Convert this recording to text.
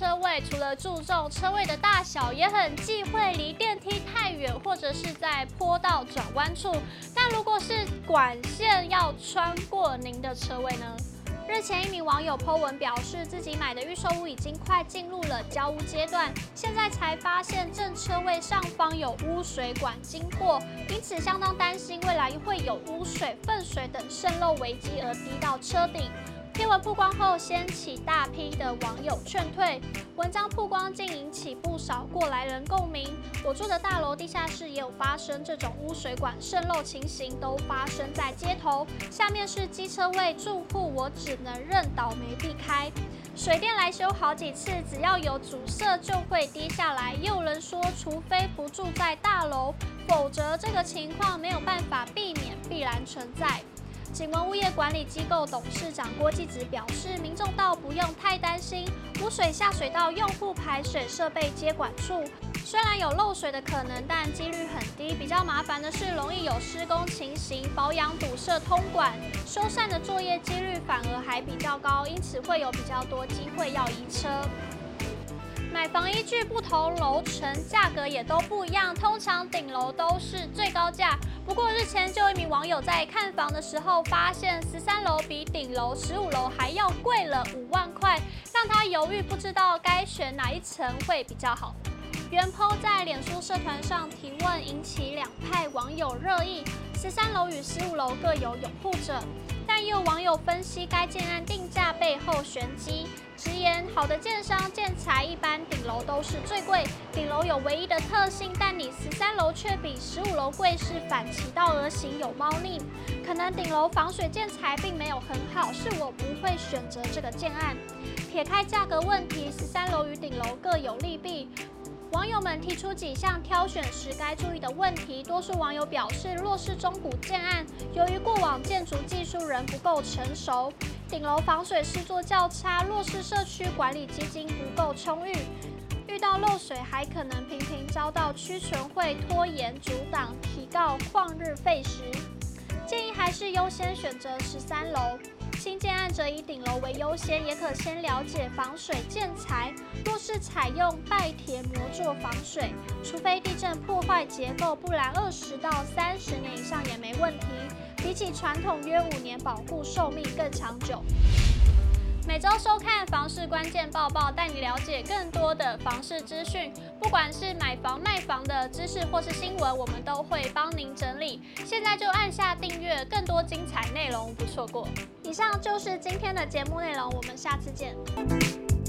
車位除了注重車位的大小，也很忌諱離電梯太遠或者是在坡道轉彎處。但如果是管線要穿過您的車位呢？日前，一名網友 PO 文表示，自己買的預售屋已經快進入了交屋階段，現在才發現正車位上方有污水管經過，因此相當擔心未來會有污水、糞水等滲漏危機而滴到車頂。新聞曝光後，掀起大批的網友勸退。文章曝光竟引起不少過來人共鳴。我住的大樓地下室也有發生這種污水管滲漏情形，都發生在街頭。下面是機車位住戶，我只能認倒霉避開。水電來修好幾次，只要有阻塞就會滴下來。有人說，除非不住在大樓，否則這個情況沒有辦法避免，必然存在。景文物業管理機構董事長郭繼子表示，民眾倒不用太擔心污水下水道用戶排水設備接管處，雖然有漏水的可能，但幾率很低。比較麻煩的是，容易有施工情形，保養、堵塞、通管、修繕的作業幾率反而還比較高，因此會有比較多機會要移車。買房依據不同樓層價格也都不一樣，通常頂樓都是最高價。不過日前就一名網友在看房的時候發現，十三樓比頂樓、十五樓還要貴了五萬塊，讓他猶豫不知道該選哪一層會比較好。原 po 在臉書社團上提問，引起兩派網友熱議，十三樓與十五樓各有擁護者。有網友分析該建案定價背後玄機，直言好的建商建材一般頂樓都是最貴，頂樓有唯一的特性，但你十三樓卻比十五樓貴，是反其道而行，有貓膩，可能頂樓防水建材並沒有很好，是我不會選擇這個建案。撇開價格問題，十三樓與頂樓各有利弊。網友們提出幾項挑選時該注意的問題，多數網友表示，若是中古建案，由於過往建築技術仍不夠成熟，頂樓防水施作較差，若是社區管理基金不夠充裕，遇到漏水還可能頻頻遭到區權會拖延阻擋，提告曠日費時。建議還是優先選擇十三樓。新建案則以頂樓為優先，也可先了解防水建材。若是採用白鐵膜做防水，除非地震破壞結構，不然二十到三十年以上也沒問題。比起傳統約五年保護壽命更長久。每週收看房市關鍵報報，帶你了解更多的房市資訊。不管是買房、賣房的知識或是新聞，我們都會幫您整理。現在就按下訂閱，更多精彩內容不錯過。以上就是今天的節目內容，我們下次見。